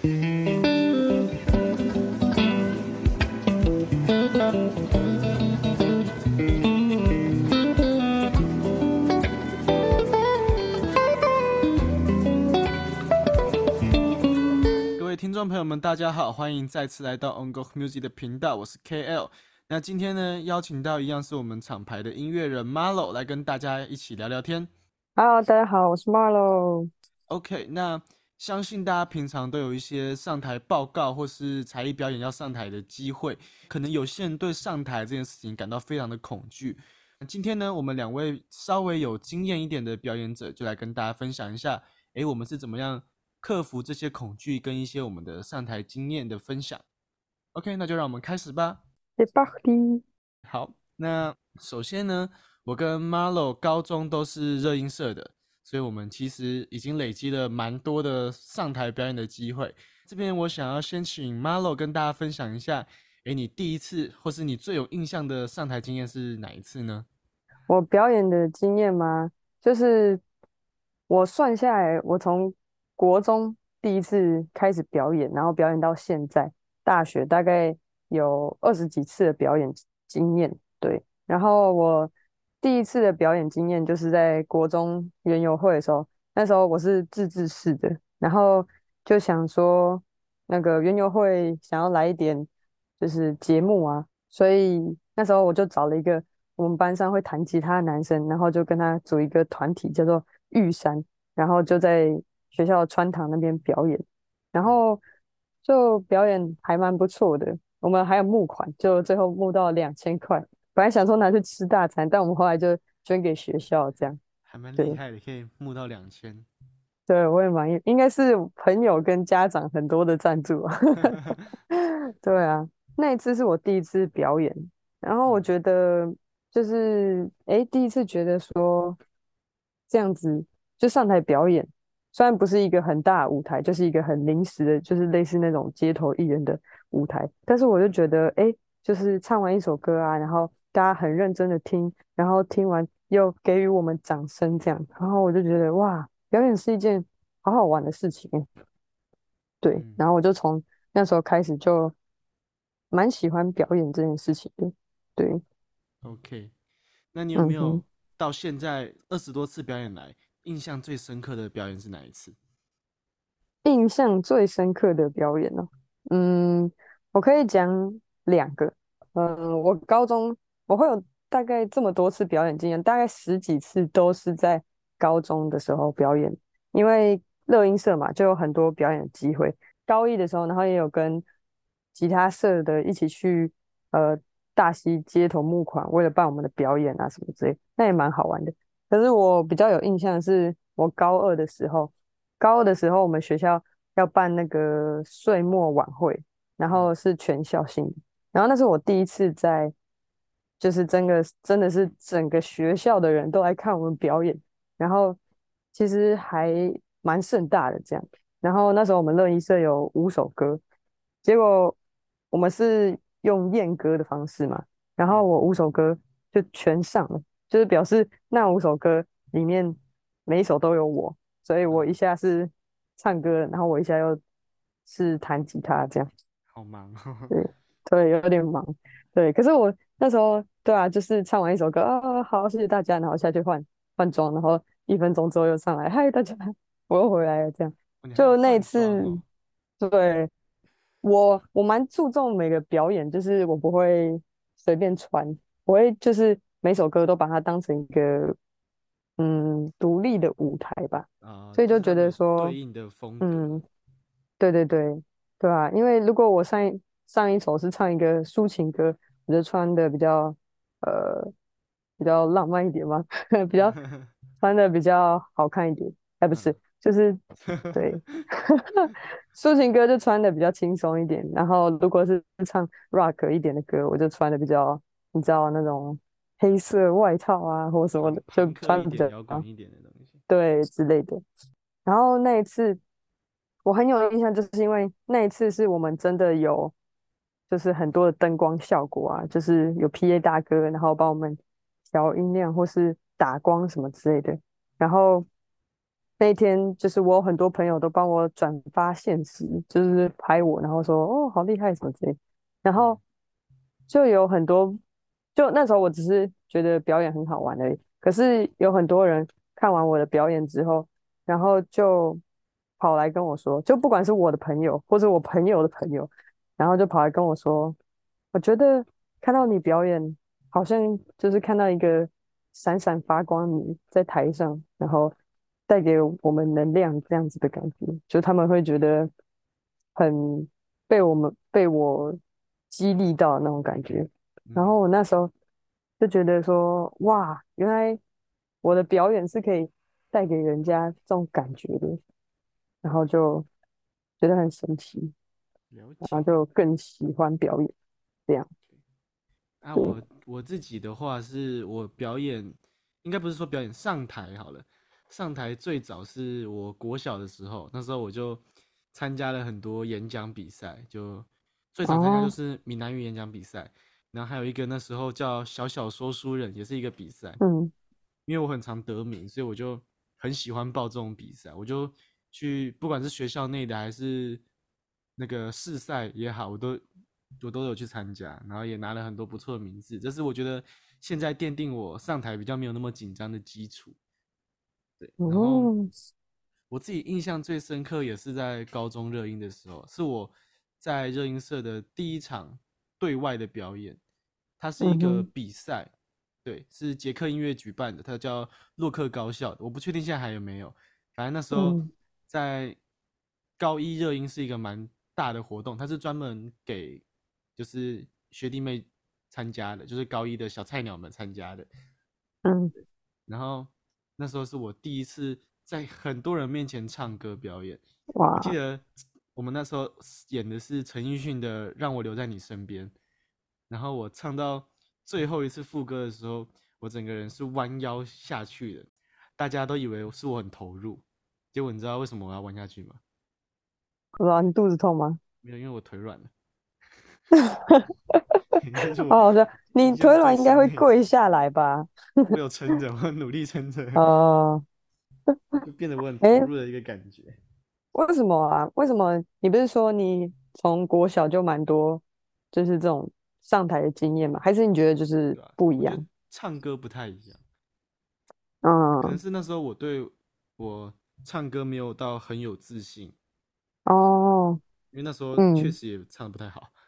各位聽眾朋友們，大家好，歡迎再次來到 Encore Music 的頻道，我是 KL。那今天呢，邀請到一樣是我們廠牌的音樂人 Marlow 來跟大家一起聊聊天。Hello，大家好，我是 Marlow。OK，那。相信大家平常都有一些上台報告或是才藝表演要上台的機會，可能有些人對上台這件事情感到非常的恐懼。今天呢，我們兩位稍微有經驗一點的表演者就來跟大家分享一下，哎，我們是怎麼樣克服這些恐懼，跟一些我們的上台經驗的分享。OK，那就讓我們開始吧。Party. 好，那首先呢，我跟 Marlo 高中都是熱音社的。所以我們其實已經累積了蠻多的上台表演的機會。這邊我想要先請 Marlo 跟大家分享一下，誒，你第一次或是你最有印象的上台經驗是哪一次呢？我表演的經驗嗎？就是我算下來，我從國中第一次開始表演，然後表演到現在大學，大概有二十幾次的表演經驗。對，然後我。第一次的表演經驗就是在國中園遊會的時候，那時候我是自治式的，然後就想說那個園遊會想要來一點就是節目啊，所以那時候我就找了一個我們班上會彈吉他的男生，然後就跟他組一個團體叫做玉山，然後就在學校穿堂那邊表演，然後就表演還蠻不錯的，我們還有募款，就最後募到兩千塊。本來想說拿去吃大餐，但我們後來就捐給學校，這樣還蠻厲害的，可以募到兩千。對，我也滿意，應該是朋友跟家長很多的贊助啊。 對啊，那一次是我第一次表演，然後我覺得就是哎、欸，第一次覺得說這樣子就上台表演，雖然不是一個很大的舞台，就是一個很臨時的，就是類似那種街頭藝人的舞台，但是我就覺得哎、欸，就是唱完一首歌啊，然後。大家很認真的聽，然後聽完又給予我們掌聲，這樣，然後我就覺得哇，表演是一件好好玩的事情，對、嗯，然後我就從那時候開始就蠻喜歡表演這件事情的，對。OK，那你有沒有到現在二十多次表演來、嗯，印象最深刻的表演是哪一次？印象最深刻的表演呢、啊？嗯，我可以講兩個，嗯，我高中。我會有大概這麼多次表演經驗，大概十幾次都是在高中的時候表演，因為樂音社嘛，就有很多表演機會。高一的時候，然後也有跟吉他社的一起去呃大溪街頭募款，為了辦我們的表演啊什麼之類，那也蠻好玩的。可是我比較有印象的是，我高二的時候，高二的時候我們學校要辦那個歲末晚會，然後是全校性的，然後那是我第一次在。就是真的真的是整個學校的人都來看我們表演，然後其實還蠻盛大的這樣。然後那時候我們樂一社有五首歌，結果我們是用演歌的方式嘛，然後我五首歌就全上了，就是表示那五首歌裡面每一首都有我，所以我一下是唱歌，然後我一下又是彈吉他，這樣。好忙哦。對對，有點忙。對，可是我。那時候，對啊，就是唱完一首歌啊，哦，好，謝謝大家，然後下去換換裝，然後一分鐘之後又上來，嗨，大家，我又回來了，這樣。就那一次，對，我我蠻注重每個表演，就是我不會隨便穿，我會就是每首歌都把它當成一個嗯獨立的舞台吧，所以就覺得說嗯，對對對對啊，因為如果我上一上一首是唱一個抒情歌。就穿的比較，呃，比較浪漫一點嘛， 比較穿的比較好看一點。還、欸、不是，嗯、就是對， 抒情歌就穿的比較輕鬆一點。然後，如果是唱 rock 一點的歌，我就穿的比較你知道那種黑色外套啊，或什麼的，就穿的比較剛一點的東西。對，之類的。然後那一次我很有印象，就是因為那一次是我們真的有。就是很多的燈光效果啊，就是有 PA 大哥，然後幫我們調音量或是打光什麼之類的。然後那天，就是我有很多朋友都幫我轉發限時，就是拍我，然後說哦好厲害什麼之類的。然後就有很多，就那時候我只是覺得表演很好玩而已。可是有很多人看完我的表演之後，然後就跑來跟我說，就不管是我的朋友或是我朋友的朋友。然後就跑來跟我說，我覺得看到你表演，好像就是看到一個閃閃發光的在台上，然後帶給我們能量這樣子的感覺，就他們會覺得很被我們被我激勵到那種感覺。然後我那時候就覺得說，哇，原來我的表演是可以帶給人家這種感覺的。然後就覺得很神奇。那就更喜歡表演，這樣。啊，我我自己的話是我表演，應該不是說表演，上台好了。上台最早是我國小的時候，那時候我就參加了很多演講比賽，就最早參加就是閩南語演講比賽，哦、然後還有一個那時候叫小小說書人，也是一個比賽。嗯，因為我很常得名，所以我就很喜歡報這種比賽，我就去不管是學校內的還是。那個試賽也好，我都我都有去參加，然後也拿了很多不錯的名次，這是我覺得現在奠定我上台比較沒有那麼緊張的基礎。對，然後我自己印象最深刻也是在高中熱音的時候，是我在熱音社的第一場對外的表演，它是一個比賽，嗯、對，是捷克音樂舉辦的，它叫洛克高校，我不確定現在還有沒有，反正那時候在高一熱音是一個蠻。大的活動，它是專門給就是學弟妹參加的，就是高一的小菜鳥們參加的。嗯，然後那時候是我第一次在很多人面前唱歌表演。哇！我記得我們那時候演的是陳奕迅的《讓我留在你身邊》，然後我唱到最後一次副歌的時候，我整個人是彎腰下去的，大家都以為是我很投入。結果你知道為什麼我要彎下去嗎？是吧？你肚子痛嗎？沒有，因為我腿軟了。 是我 哦，我說，你腿軟應該會跪下來吧？ 沒有撐着，我努力撐着。哦，就變得我很投入的一個感覺、欸。為什麼啊？為什麼你不是說你從國小就蠻多，就是這種上台的經驗嗎？還是你覺得就是不一樣？唱歌不太一樣。嗯，可能是那時候我對我唱歌沒有到很有自信。哦、oh，因為那時候確實也唱得不太好，嗯，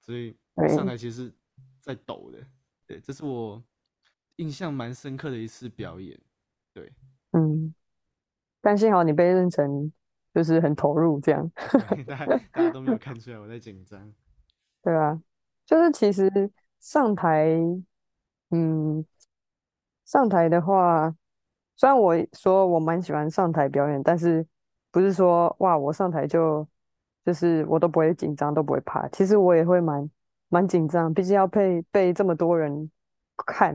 所以上台其實，是在抖的對。對，這是我印象蠻深刻的一次表演，對，嗯，但幸好你被認成就是很投入這樣，okay, 大家大家都沒有看出來我在緊張， 對吧？啊。就是其實上台，嗯，上台的話，雖然我說我蠻喜歡上台表演，但是。不是說哇，我上台就就是我都不會緊張，都不會怕。其實我也會蠻蠻緊張，畢竟要被被這麼多人看，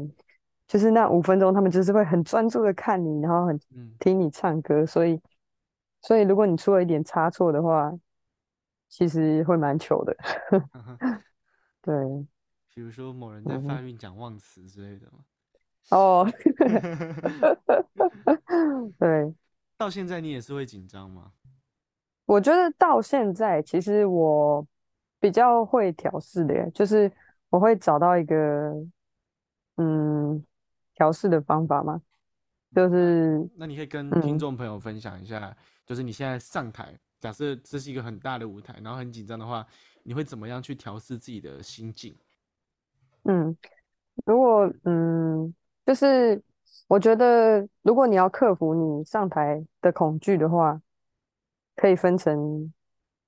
就是那五分鐘，他們就是會很專注的看你，然後很聽你唱歌、嗯。所以，所以如果你出了一點差錯的話，其實會蠻糗的。 對，比如說某人在發音、講忘詞之類的嗎。哦， 對。到現在你也是會緊張嗎？我覺得到現在其實我比較會調適的耶，就是我會找到一個嗯調適的方法嘛。就是，那你可以跟聽眾朋友分享一下，嗯，就是你現在上台，假設這是一個很大的舞台，然後很緊張的話，你會怎麼樣去調適自己的心境？嗯，如果嗯就是。我覺得，如果你要克服你上台的恐懼的話，可以分成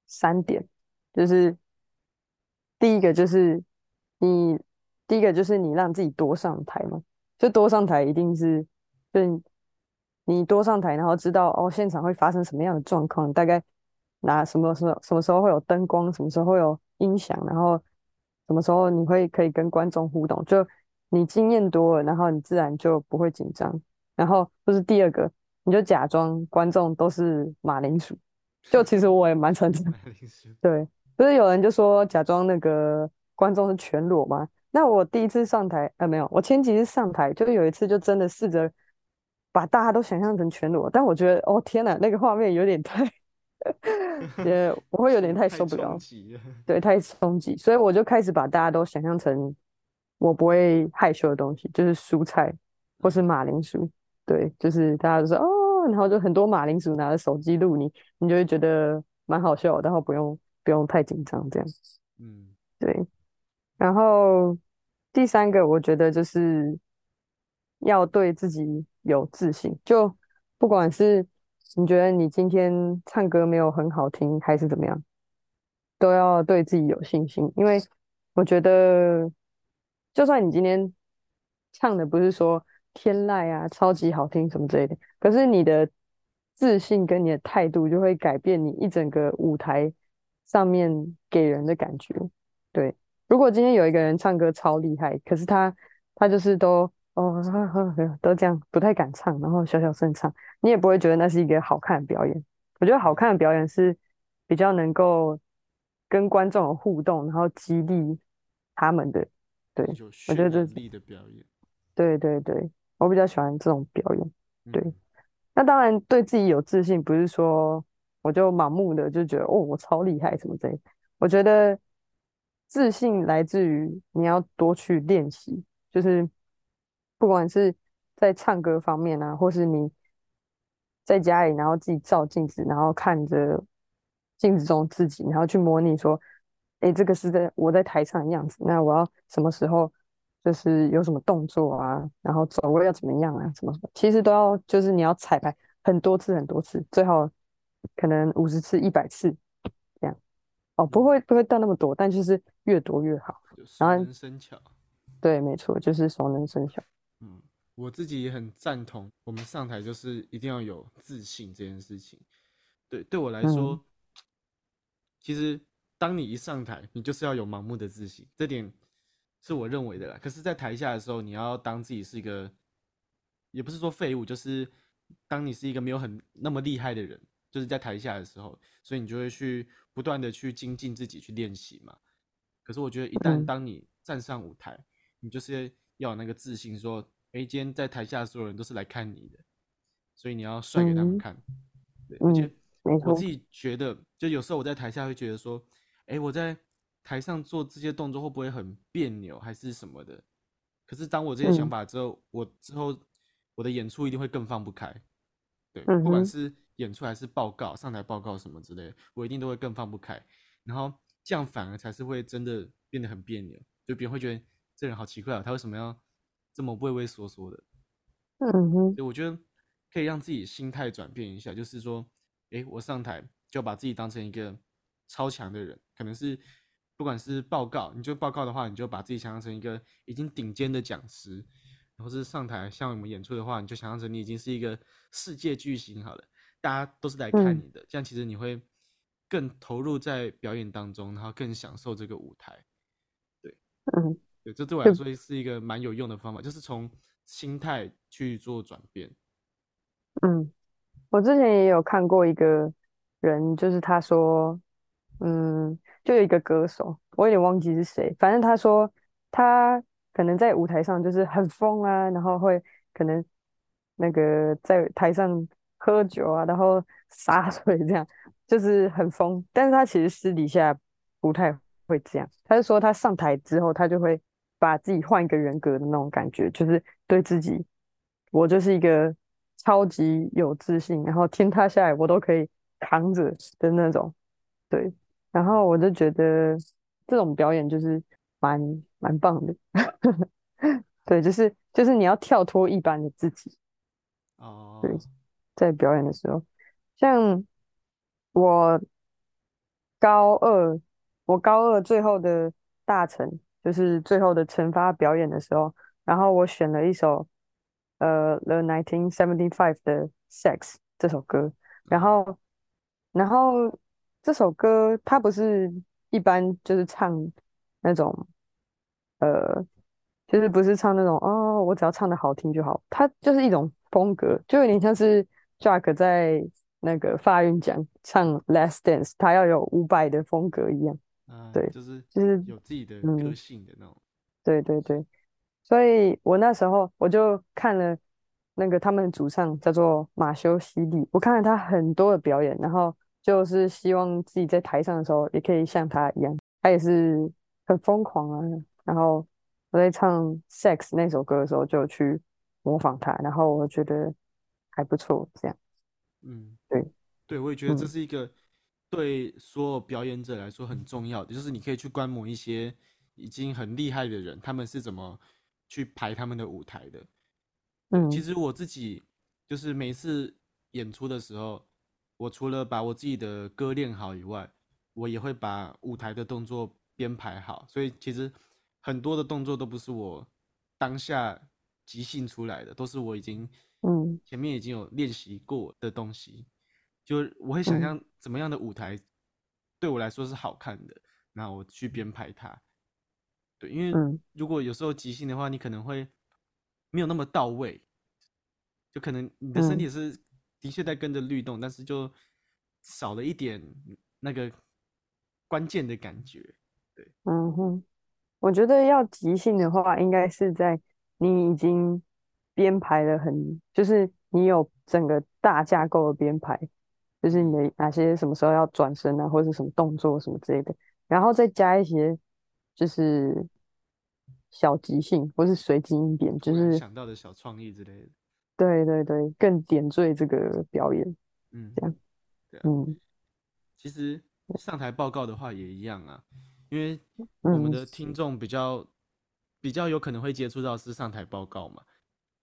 三點，就是第一個就是你第一個就是你讓自己多上台嘛，就多上台一定是，就你多上台，然後知道哦現場會發生什麼樣的狀況，大概哪什麼時候什麼時候會有燈光，什麼時候會有音響，然後什麼時候你會可以跟觀眾互動，就。你經驗多了，然後你自然就不會緊張。然後，或、就是第二個，你就假裝觀眾都是馬鈴薯。就其實我也蠻成 馬鈴薯。對，不、就是有人就說假裝那個觀眾是全裸嗎？那我第一次上台呃、欸、沒有，我前幾次上台就有一次就真的試着把大家都想象成全裸，但我覺得哦天哪，那個畫面有點太……呃， 我會有點太受不了。衝擊了，對，太衝擊，所以我就開始把大家都想象成。我不會害羞的東西就是蔬菜或是馬鈴薯，對，就是大家都說哦，然後就很多馬鈴薯拿着手機錄你，你就會覺得蠻好笑，然後不用不用太緊張這樣，嗯，對。然後第三個，我覺得就是要對自己有自信，就不管是你覺得你今天唱歌沒有很好聽還是怎麼樣，都要對自己有信心，因為我覺得。就算你今天唱的不是說天籟啊，超級好聽什麼之類的，可是你的自信跟你的態度就會改變你一整個舞台上面給人的感覺。對，如果今天有一個人唱歌超厲害，可是他他就是都哦呵呵，都這樣不太敢唱，然後小小聲唱，你也不會覺得那是一個好看的表演。我覺得好看的表演是比較能夠跟觀眾互動，然後激勵他們的。對，我覺得這是有渲染力的表演。對對對，我比較喜歡這種表演。嗯、對，那當然對自己有自信，不是說我就盲目的就覺得哦，我超厲害什麼之類。我覺得自信來自於你要多去練習，就是不管是在唱歌方面啊，或是你在家裡，然後自己照鏡子，然後看着鏡子中的自己，然後去模擬說。哎，這個是在我在台上的樣子。那我要什麼時候，就是有什麼動作啊，然後走位要怎麼樣啊，什麼什麼？其實都要，就是你要彩排很多次，很多次，最好可能五十次、一百次這樣。哦，不會不會到那麼多，但就是越多越好。就是、熟能生巧。對，沒錯，就是熟能生巧。嗯，我自己也很贊同，我們上台就是一定要有自信這件事情。對，對我來說，嗯、其實。當你一上台，你就是要有盲目的自信，這點是我認為的啦。可是，在台下的時候，你要當自己是一個，也不是說廢物，就是當你是一個沒有很那麼厲害的人，就是在台下的時候，所以你就會去不斷的去精進自己，去練習嘛。可是，我覺得一旦當你站上舞台，嗯、你就是要有那個自信說，誒，今天在台下所有人都是來看你的，所以你要帥給他們看。嗯、對，我覺得我自己覺得，就有時候我在台下會覺得說。誒，我在台上做這些動作會不會很彆扭，還是什麼的？可是當我這些想法之後，嗯、我之後我的演出一定會更放不開。對、嗯，不管是演出還是報告，上台報告什麼之類，我一定都會更放不開。然後這樣反而才是會真的變得很彆扭，就別人會覺得這人好奇怪啊、哦，他為什麼要這麼畏畏縮縮的？嗯哼。所以我覺得可以讓自己心態轉變一下，就是說，誒，我上台就把自己當成一個。超強的人，可能是不管是報告，你就報告的話，你就把自己想象成一個已經頂尖的講師，或是上台像我們演出的話，你就想象成你已經是一個世界巨星好了，大家都是來看你的，嗯，這樣其實你會更投入在表演當中，然後更享受這個舞台。對，嗯，對，這對我來說是一個蠻有用的方法，是就是從心態去做轉變。嗯，我之前也有看過一個人，就是他說。嗯，就有一個歌手，我有點忘記是誰。反正他說他可能在舞台上就是很瘋啊，然後會可能那個在台上喝酒啊，然後灑水這樣，就是很瘋。但是他其實私底下不太會這樣。他就說他上台之後，他就會把自己換一個人格的那種感覺，就是對自己，我就是一個超級有自信，然後天塌下來我都可以扛着的那種，對。然後我就覺得這種表演就是蠻蠻棒的。 對，就是就是你要跳脫一般的自己哦。Oh. 對，在表演的時候，像我高二，我高二最後的大成，就是最後的成發表演的時候，然後我選了一首呃 The 1975的 Sex 這首歌，然後然後。這首歌它不是一般就是唱那種，呃，就是不是唱那種哦，我只要唱的好聽就好。它就是一種風格，就有點像是 Jack 在那個法音講唱《Last Dance》，他要有五百的風格一樣。呃、對，就是就是有自己的個性的那種、嗯。對對對，所以我那時候我就看了那個他們的主唱叫做馬修·希利，我看了他很多的表演，然後。就是希望自己在台上的時候也可以像他一樣，他也是很瘋狂啊。然後我在唱《Sex》那首歌的時候，就去模仿他，然後我覺得還不錯。這樣，嗯，對，對，我也覺得這是一個對所有表演者來說很重要的，就是你可以去觀摩一些已經很厲害的人，他們是怎麼去排他們的舞台的。嗯，其實我自己就是每次演出的時候。我除了把我自己的歌練好以外，我也會把舞台的動作編排好。所以其實很多的動作都不是我當下即興出來的，都是我已經嗯前面已經有練習過的東西。就我會想象怎麼樣的舞台對我來說是好看的，那我去編排它。對，因為如果有時候即興的話，你可能會沒有那麼到位，就可能你的身體是。的確在跟着律動，但是就少了一點那個關鍵的感覺。對，嗯哼，我覺得要即興的話，應該是在你已經編排的很，就是你有整個大架構的編排，就是你的哪些什麼時候要轉身啊，或者什麼動作什麼之類的，然後再加一些就是小即興，或是隨機一點，就是想到的小創意之類的。對對對，更點綴這個表演，嗯，這樣、對啊，嗯，其實上台報告的話也一樣啊，因為我們的聽眾比較、嗯、比較有可能會接觸到是上台報告嘛，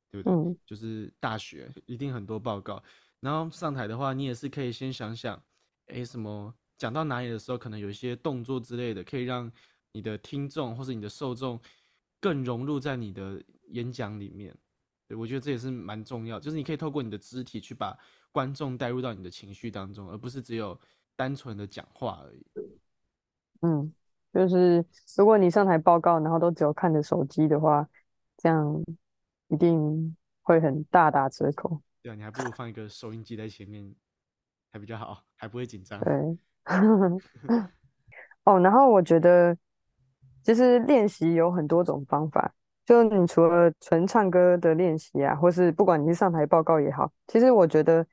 對不對？嗯、就是大學一定很多報告，然後上台的話，你也是可以先想想，哎，什麼，講到哪裡的時候，可能有一些動作之類的，可以讓你的聽眾或是你的受眾更融入在你的演講裡面。對，我覺得這也是蠻重要，就是你可以透過你的肢體去把觀眾帶入到你的情緒當中，而不是只有單純的講話而已。嗯，就是如果你上台報告，然後都只有看着手機的話，這樣一定會很大打折扣。對啊，你還不如放一個收音機在前面， 還比較好，還不會緊張。對， 哦，然後我覺得其實、就是、練習有很多種方法。就你除了純唱歌的練習啊，或是不管你是上台報告也好，其實我覺得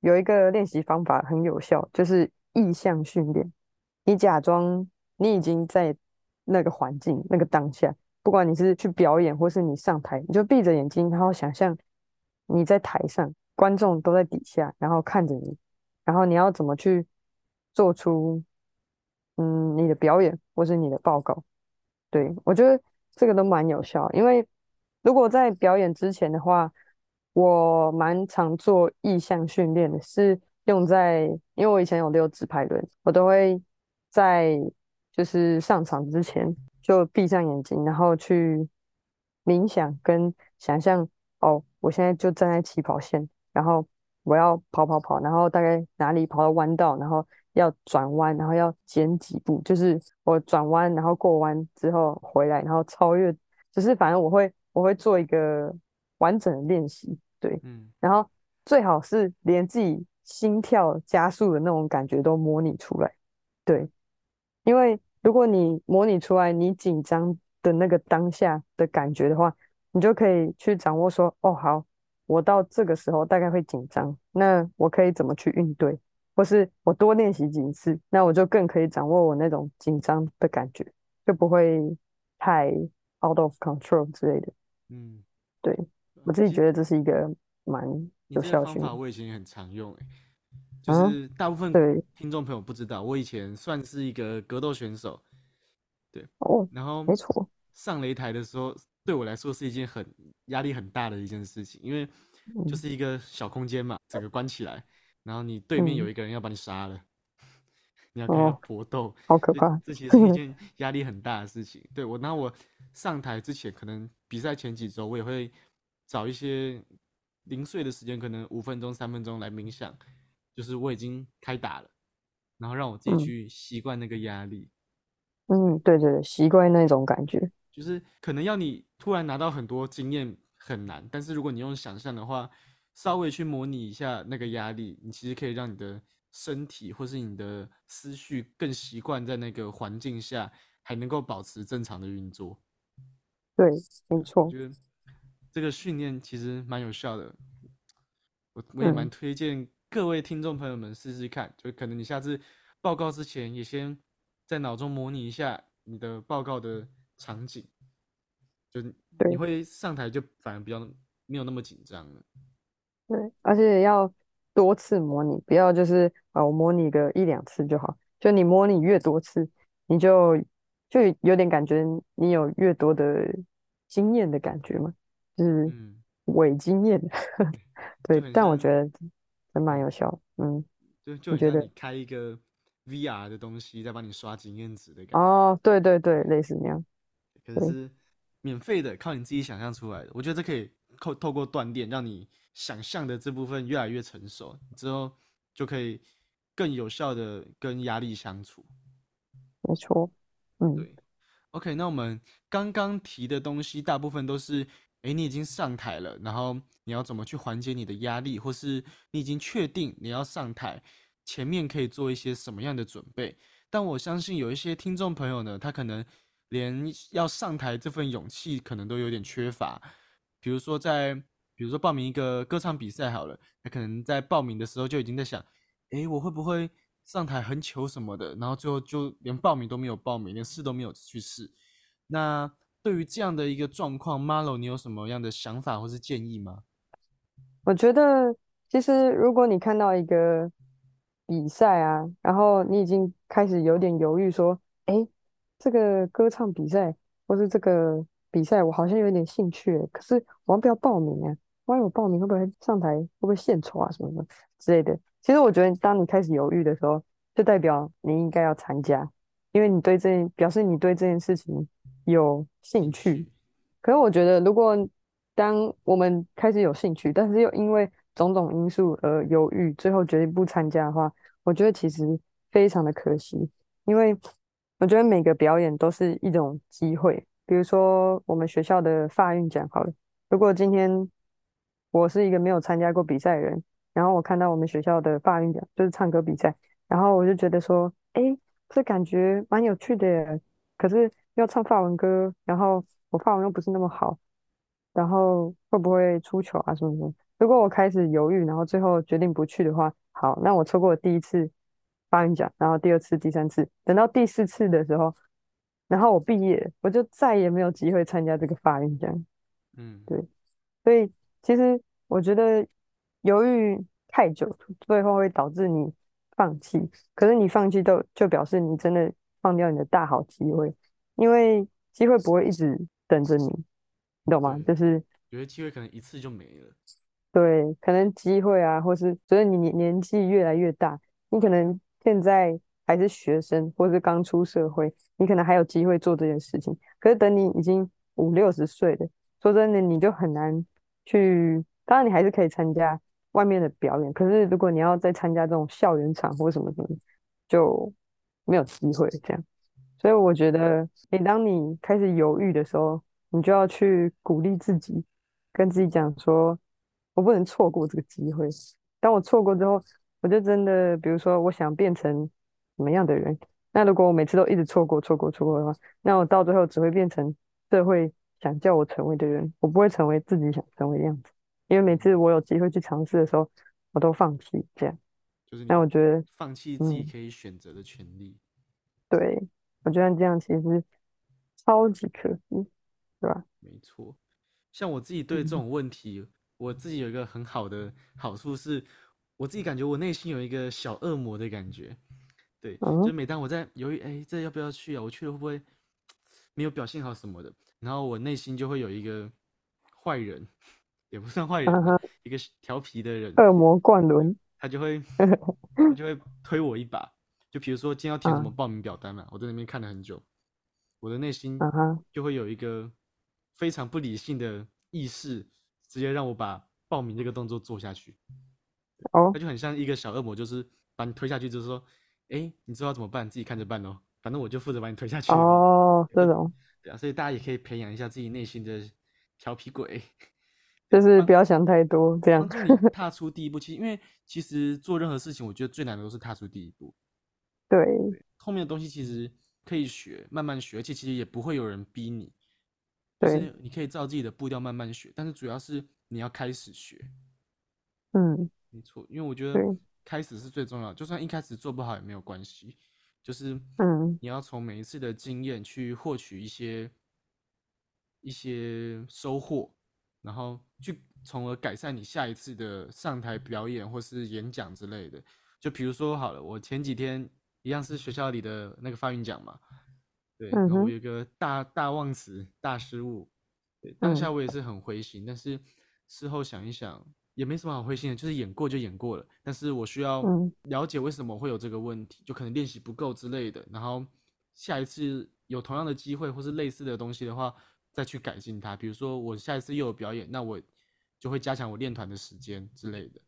有一個練習方法很有效，就是意象訓練。你假裝你已經在那個環境、那個當下，不管你是去表演或是你上台，你就閉着眼睛，然後想象你在台上，觀眾都在底下，然後看着你，然後你要怎麼去做出嗯你的表演或是你的報告。對，我覺得。這個都蠻有效，因為如果在表演之前的話，我蠻常做意象訓練的，是用在，因為我以前有溜直排輪，我都會在就是上場之前就閉上眼睛，然後去冥想跟想象，哦，我現在就站在起跑線，然後我要跑跑跑，然後大概哪裡跑到彎道，然後。要轉彎，然後要減幾步，就是我轉彎，然後過彎之後回來，然後超越，就是反正我會，我會做一個完整的練習，對，嗯，然後最好是連自己心跳加速的那種感覺都模擬出來，對，因為如果你模擬出來你緊張的那個當下的感覺的話，你就可以去掌握說，哦，好，我到這個時候大概會緊張，那我可以怎麼去應對？或是我多練習幾次，那我就更可以掌握我那種緊張的感覺，就不會太 out of control 之類的。嗯，對，我自己覺得這是一個蠻有效的方法，我以前也很常用、欸。誒。就是大部分對聽眾朋友不知道，啊，我以前算是一個格鬥選手，對哦，然後沒錯，上擂台的時候對我來說是一件很壓力很大的一件事情，因為就是一個小空間嘛、嗯，整個關起來。然後你對面有一個人要把你殺了，嗯、你要跟他搏鬥，哦、好可怕！這其實是一件壓力很大的事情。 對我，那我上台之前，可能比賽前幾周，我也會找一些零碎的時間，可能五分鐘、三分鐘來冥想，就是我已經開打了，然後讓我自己去習慣那個壓力。嗯，對對對，習慣那種感覺，就是可能要你突然拿到很多經驗很難，但是如果你用想象的話。稍微去模擬一下那個壓力，你其實可以讓你的身體或是你的思緒更習慣在那個環境下，還能夠保持正常的運作。對，沒錯。我覺得這個訓練其實蠻有效的，我我也蠻推薦各位聽眾朋友們試試看。嗯、就可能你下次報告之前，也先在腦中模擬一下你的報告的場景，就你會上台，就反而比較沒有那麼緊張了。對，而且要多次模擬，不要就是啊、哦，我模擬個一兩次就好。就你模擬越多次，你就就有點感覺你有越多的經驗的感覺嘛，就是偽經驗。嗯、 對，但我覺得還蠻有效。嗯，就就覺得開一個 VR 的東西在幫你刷經驗值的感覺。哦，對對對，類似那樣。可是，是免費的，靠你自己想象出來的。我覺得這可以透透過鍛鍊讓你。想象的這部分越來越成熟之後，就可以更有效地跟壓力相處。沒錯，嗯，對，OK，那我們剛剛提的東西大部分都是，哎、欸，你已經上台了，然後你要怎麼去緩解你的壓力，或是你已經確定你要上台，前面可以做一些什麼樣的準備。但我相信有一些聽眾朋友呢，他可能連要上台這份勇氣可能都有點缺乏，比如說在。比如說報名一個歌唱比賽好了，他可能在報名的時候就已經在想，哎，我會不會上台很糗什麼的？然後最後就連報名都沒有報名，連試都沒有去試。那對於這樣的一個狀況，Malo，你有什麼樣的想法或是建議嗎？我覺得其實如果你看到一個比賽啊，然後你已經開始有點猶豫，說，哎，這個歌唱比賽或是這個比賽，我好像有點興趣，可是我要不要報名啊？萬一我報名會不會上台？會不會獻醜啊？什麼什麼之類的。其實我覺得，當你開始猶豫的時候，就代表你應該要參加，因為你對這表示你對這件事情有興趣。可是我覺得，如果當我們開始有興趣，但是又因為種種因素而猶豫，最後決定不參加的話，我覺得其實非常的可惜，因為我覺得每個表演都是一種機會。比如說我們學校的發運獎，好了，如果今天。我是一個沒有參加過比賽的人，然後我看到我們學校的法韻獎，就是唱歌比賽，然後我就覺得說，哎，這感覺蠻有趣的耶，可是要唱法文歌，然後我法文又不是那麼好，然後會不會出糗啊什麼什麼？如果我開始猶豫，然後最後決定不去的話，好，那我錯過了第一次法韻獎，然後第二次、第三次，等到第四次的時候，然後我畢業，我就再也沒有機會參加這個法韻獎。嗯，對，所以。其實我覺得猶豫太久，最後會導致你放棄。可是你放棄都就表示你真的放掉你的大好機會，因為機會不會一直等着你，你懂嗎？就是有些機會可能一次就沒了。對，可能機會啊，或是所以你年紀越來越大，你可能現在還是學生，或是剛出社會，你可能還有機會做這件事情。可是等你已經五六十歲了，說真的，你就很難去，當然你還是可以參加外面的表演，可是如果你要再參加這種校園場或什麼什麼，就沒有機會這樣。所以我覺得，每、欸、當你開始猶豫的時候，你就要去鼓勵自己，跟自己講說：我不能錯過這個機會。當我錯過之後，我就真的，比如說我想變成什麼樣的人，那如果我每次都一直錯過、錯過、錯過的話，那我到最後只會變成社會想叫我成為的人，我不會成為自己想成為的樣子，因為每次我有機會去嘗試的時候，我都放棄這樣。但我覺得放棄自己可以選擇的權利、嗯，對，我覺得這樣其實超級可惜，是吧？沒錯，像我自己對這種問題、嗯，我自己有一個很好的好處是，我自己感覺我內心有一個小惡魔的感覺，對，嗯、就每當我在猶豫，哎、欸，這要不要去啊？我去了會不會？沒有表現好什麼的，然後我內心就會有一個壞人，也不算壞人，uh -huh. 一個調皮的人，惡魔慣輪，他就會 他就會推我一把。就比如說今天要填什麼報名表單嘛，uh -huh. 我在那邊看了很久，我的內心就會有一個非常不理性的意識，直接讓我把報名這個動作做下去。哦，oh. 他就很像一個小惡魔，就是把你推下去，就是說，哎，你知道怎麼辦，自己看着辦嘍。反正我就負責把你推下去哦、oh, 啊，這種。對啊，所以大家也可以培養一下自己內心的調皮鬼，就是不要想太多，嗯、這樣踏出第一步。 其實，因為其實做任何事情，我覺得最難的都是踏出第一步對。對，後面的東西其實可以學，慢慢學，而且其實也不會有人逼你，對，是你可以照自己的步調慢慢學。但是主要是你要開始學，嗯，沒錯，因為我覺得開始是最重要，就算一開始做不好也沒有關係。就是，你要從每一次的經驗去獲取一些，嗯、一些收穫，然後去從而改善你下一次的上台表演或是演講之類的。就比如說，好了，我前幾天一樣是學校裡的那個發言獎嘛，對、嗯，然後我有一個大大忘詞大失誤，對，當下我也是很灰心，嗯、但是事後想一想。也沒什麼好灰心的，就是演過就演過了。但是我需要了解為什麼會有這個問題，就可能練習不夠之類的。然後下一次有同樣的機會或是類似的東西的話，再去改進它。比如說我下一次又有表演，那我就會加強我練團的時間之類的。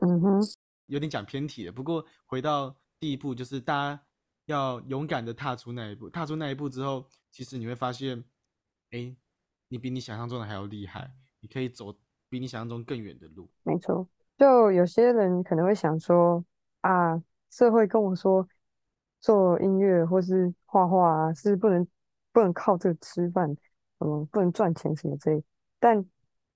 嗯哼，有點講偏題了。不過回到第一步，就是大家要勇敢的踏出那一步。踏出那一步之後，其實你會發現，哎，你比你想象中的還要厲害。你可以走。比你想象中更遠的路。沒錯，就有些人可能會想說啊，社會跟我說做音樂或是畫畫啊，是不、是不能不能靠這個吃飯，嗯，不能賺錢什麼之類，但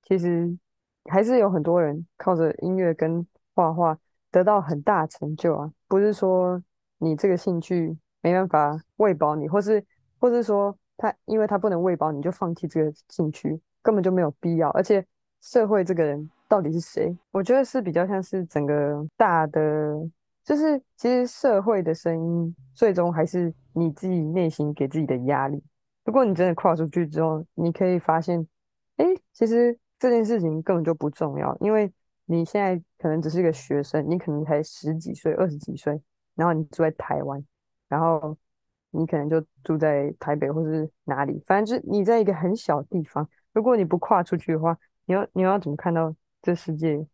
其實還是有很多人靠着音樂跟畫畫得到很大成就啊，不是說你這個興趣沒辦法餵飽你，或是或是說他因為他不能餵飽你就放棄這個興趣，根本就沒有必要，而且，社會這個人到底是誰？我覺得是比較像是整個大的，就是其實社會的聲音最終還是你自己內心給自己的壓力。如果你真的跨出去之後，你可以發現，哎，其實這件事情根本就不重要，因為你現在可能只是一個學生，你可能才十幾歲、二十幾歲，然後你住在台灣，然後你可能就住在台北或者是哪裡，反正就是你在一個很小的地方。如果你不跨出去的話，你要你要怎麼看到這世界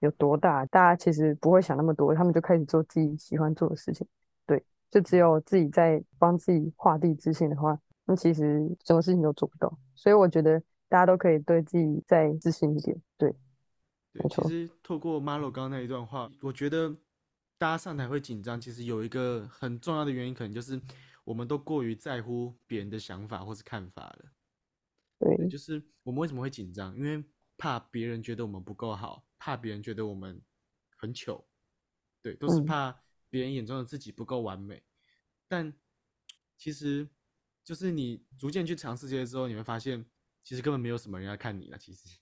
有多大？大家其實不會想那麼多，他們就開始做自己喜歡做的事情。對，就只有自己在幫自己畫地自信的話，那其實什麼事情都做不到。所以我覺得大家都可以對自己再自信一點。對，對，其實透過 Marlo 剛剛那一段話，我覺得大家上台會緊張，其實有一個很重要的原因，可能就是我們都過於在乎別人的想法或是看法了。對，就是我們為什麼會緊張？因為怕別人覺得我們不夠好，怕別人覺得我們很糗，對，都是怕別人眼中的自己不夠完美，嗯。但其實，就是你逐漸去嘗試這些之後，你會發現，其實根本沒有什麼人要看你了、啊。其實，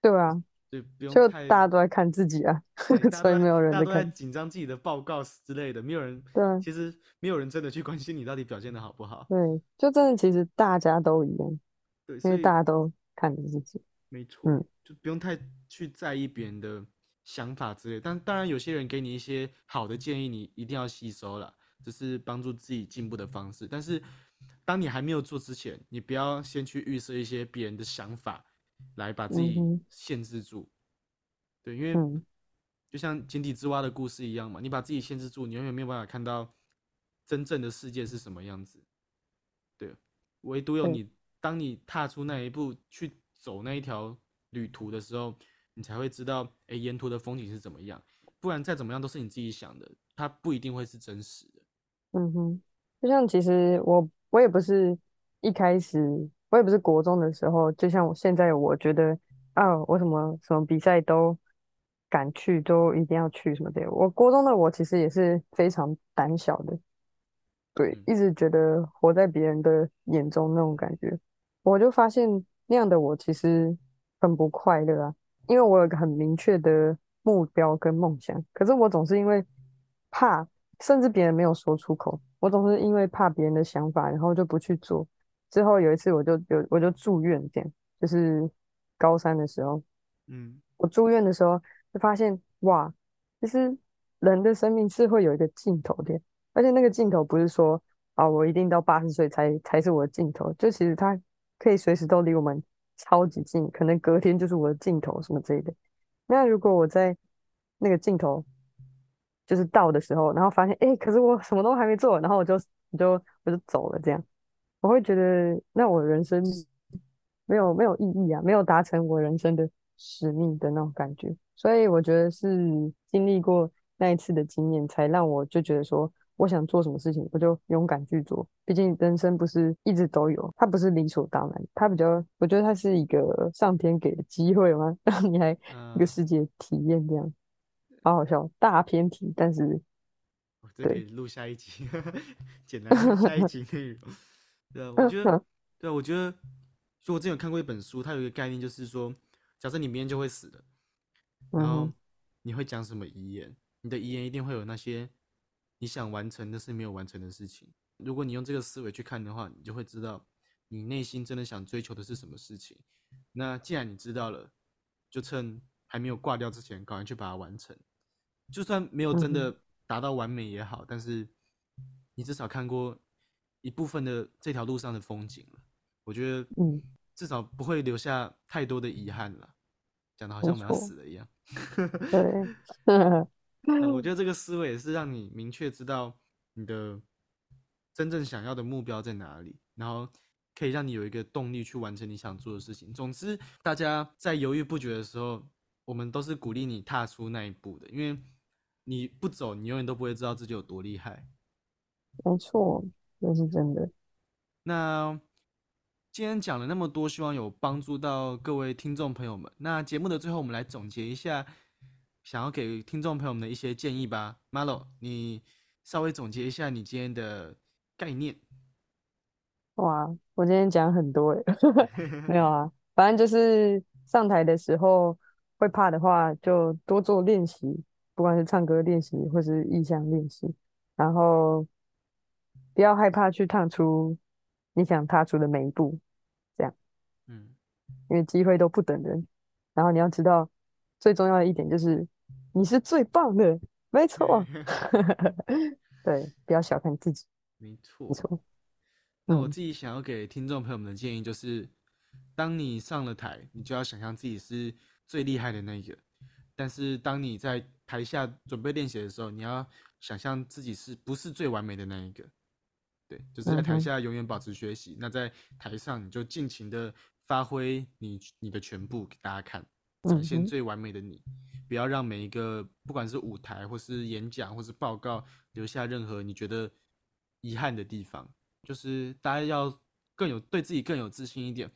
對啊，對不用，就大家都在看自己啊， 所以沒有人在看，大都在緊張自己的報告之類的，沒有人。對、啊，其實沒有人真的去關心你到底表現得好不好。對，就真的，其實大家都一樣，對，所以因為大家都看自己。沒錯，就不用太去在意別人的想法之類。但當然，有些人給你一些好的建議，你一定要吸收了，這是幫助自己進步的方式。但是，當你還沒有做之前，你不要先去預設一些別人的想法來把自己限制住。嗯。對，因為就像井底之蛙的故事一樣嘛，你把自己限制住，你永遠沒有辦法看到真正的世界是什麼樣子。對，唯獨有你，當你踏出那一步去。走那一條旅途的時候，你才會知道，哎、欸，沿途的風景是怎麼樣。不然再怎麼樣都是你自己想的，它不一定會是真實的。嗯哼，就像其實我我也不是一開始，我也不是國中的時候，就像我現在我覺得啊，我什麼什麼比賽都敢去，都一定要去什麼的。我國中的我其實也是非常膽小的，對、嗯，一直覺得活在別人的眼中那種感覺，我就發現。那樣的我其實很不快樂啊，因為我有個很明確的目標跟夢想，可是我總是因為怕，甚至別人沒有說出口，我總是因為怕別人的想法，然後就不去做。之後有一次我就有我就住院這樣，就是高三的時候，嗯，我住院的時候就發現哇，其實人的生命是會有一個盡頭的，而且那個盡頭不是說啊、哦、我一定到八十歲才才是我的盡頭，就其實它。可以隨時都離我們超級近，可能隔天就是我的鏡頭什麼之類的。那如果我在那個鏡頭就是到的時候，然後發現哎、欸，可是我什麼都還沒做，然後我就我就我就走了這樣，我會覺得那我人生沒有沒有意義啊，沒有達成我人生的使命的那種感覺。所以我覺得是經歷過那一次的經驗，才讓我就覺得說。我想做什麼事情，我就勇敢去做。畢竟人生不是一直都有，它不是理所當然。它比較，我覺得它是一個上天給的機會嘛。讓 你還一個世界體驗這樣，呃，好好笑大偏題。但是對，錄下一集， 簡單錄下一集內容。 對，我覺得對，我覺得，所以我之前有看過一本書，它有一個概念，就是說，假設你明天就會死的，嗯，然後你會講什麼遺言？你的遺言一定會有那些。你想完成的是沒有完成的事情，如果你用這個思維去看的話，你就會知道你內心真的想追求的是什麼事情。那既然你知道了，就趁還沒有掛掉之前，趕快去把它完成。就算沒有真的達到完美也好，但是你至少看過一部分的這條路上的風景了。我覺得，嗯，至少不會留下太多的遺憾了。講得好像我們要死了一樣。嗯。 對。嗯，我覺得這個思維也是讓你明確知道你的真正想要的目標在哪裡，然後可以讓你有一個動力去完成你想做的事情。總之，大家在猶豫不決的時候，我們都是鼓勵你踏出那一步的，因爲你不走，你永遠都不會知道自己有多厲害。沒錯，這是真的。那今天講了那麼多，希望有幫助到各位聽衆朋友們。那節目的最後，我們來總結一下。想要給聽眾朋友們的一些建議吧，Malo，你稍微總結一下你今天的概念。哇，我今天講很多欸， 沒有啊，反正就是上台的時候會怕的話，就多做練習，不管是唱歌練習或是意象練習，然後不要害怕去踏出你想踏出的每一步，這樣，嗯，因為機會都不等人，然後你要知道最重要的一點就是。你是最棒的，沒錯， 對，不要小看自己，沒錯。沒錯。那我自己想要給聽眾朋友們的建議就是、嗯，當你上了台，你就要想象自己是最厲害的那一個；但是當你在台下準備練習的時候，你要想象自己是不是最完美的那一個。對，就是在台下永遠保持學習、嗯，那在台上你就盡情的發揮你你的全部給大家看。展現最完美的你，不要讓每一個不管是舞台或是演講或是報告留下任何你覺得遺憾的地方。就是大家要更有對自己更有自信一點，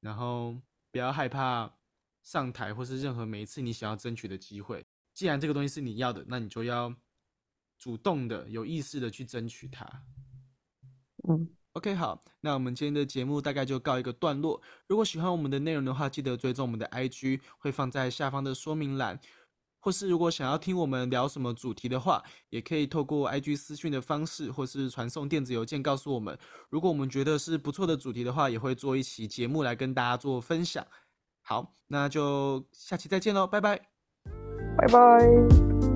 然後不要害怕上台或是任何每一次你想要爭取的機會。既然這個東西是你要的，那你就要主動的、有意識的去爭取它。嗯。OK，好，那我們今天的節目大概就告一個段落。如果喜歡我們的內容的話，記得追蹤我們的 IG，會放在下方的說明欄。或是如果想要聽我們聊什麼主題的話，也可以透過 IG 私訊的方式，或是傳送電子郵件告訴我們。如果我們覺得是不錯的主題的話，也會做一期節目來跟大家做分享。好，那就下期再見嘍，拜拜，拜拜。